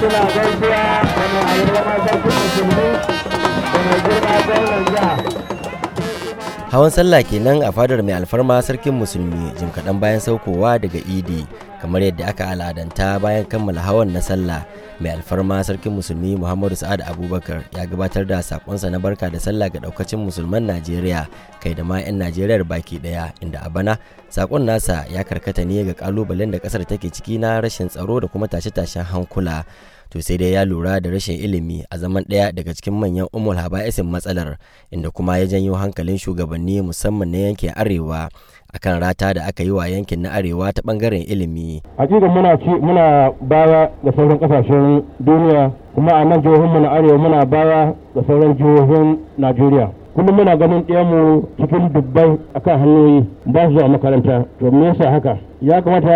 Thank you. the hawan sallah kenan a fadar mai alfarma sarkin musulmi jim kaɗan bayan saukowa daga idi kamar yadda aka al'adanta bayan kammala hawan na sallah mai alfarma sarkin musulmi muhammadu sa'ad abubakar ya gabatar da sakonsa na barka da sallah ga ɗaukacin musulman najeriya kai da ma 'yan najeriyar baki ɗaya inda a bana saƙon nasa ya karkata ne ga kalubalen da ƙasar take ciki na rashin tsaro da kuma tashe-tashen hankula to sai dai ya lura da rashin ilimi a zaman ɗaya daga cikin manyan umul haba'isin matsalar inda kuma ya janyo hankalin shugabanni musamman na yankin arewa akan rata da aka yi wa yankin na arewa ta bangaren ilimi. hakika muna ci muna baya da sauran kasashen duniya kuma a nan jihohin mu na arewa muna baya ga sauran jihohin najeriya kullum muna ganin mu cikin dubbai kan hanyoyi ba su zuwa makaranta to me yasa haka ya kamata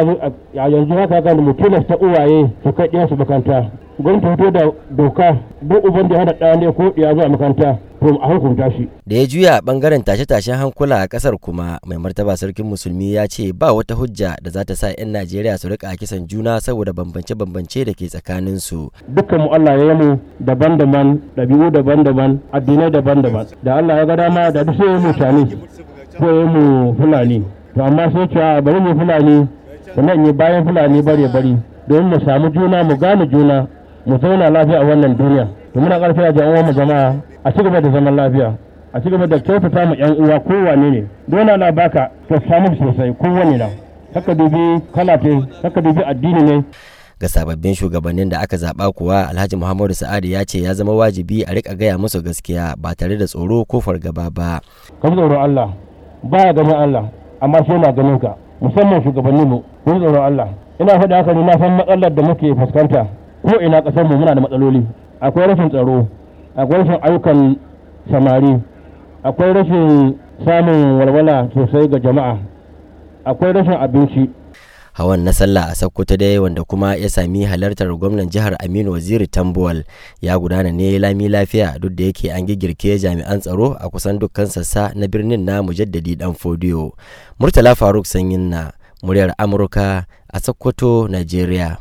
a yanzu haka ga mu tilasta uwaye su kai su makaranta gwamnati da doka duk uban da ya hada ɗaya ne ko ɗiya zuwa makaranta da ya juya bangaren tashe-tashen hankula a kasar kuma mai martaba sarkin musulmi ya ce ba wata hujja da za ta sa 'yan najeriya su rika kisan juna saboda bambance-bambance da ke tsakanin su dukkan mu allah ya mu daban-daban ɗabi'u daban-daban addinai daban-daban da allah ya ga dama da duk sai mu shani ko mu fulani to amma sai cewa bari mu fulani sannan yi bayan fulani bare-bare don mu samu juna mu gane juna mu zauna lafiya a wannan duniya to muna karfi da uwan mu jama'a a ci gaba da zaman lafiya a ci gaba da kyautata mu yan uwa kowane ne dole na baka to samu sosai kowane na haka dubi kalafe haka dubi addini ne ga sababbin shugabannin da aka zaba kuwa alhaji muhammadu sa'adu ya ce ya zama wajibi a rika gaya musu gaskiya ba tare da tsoro ko fargaba ba ka tsoro allah ba ya ganin allah amma sai na ganin ka musamman shugabannin mu kun tsoro allah ina faɗa haka ne na san matsalar da muke fuskanta ko ina ƙasar mu muna da matsaloli akwai rashin tsaro akwai rashin aukan samari akwai rashin samun walwala sosai ga jama'a akwai rashin abinci hawan na sallah a sokoto dai wanda kuma ya sami halartar gwamnan jihar aminu waziri tambuwal ya gudana ne lami lafiya duk da yake an girke jami'an tsaro a kusan dukkan sassa na birnin na mujaddadi dan fodiyo murtala faruk sanyin na muryar amurka a sokoto nigeria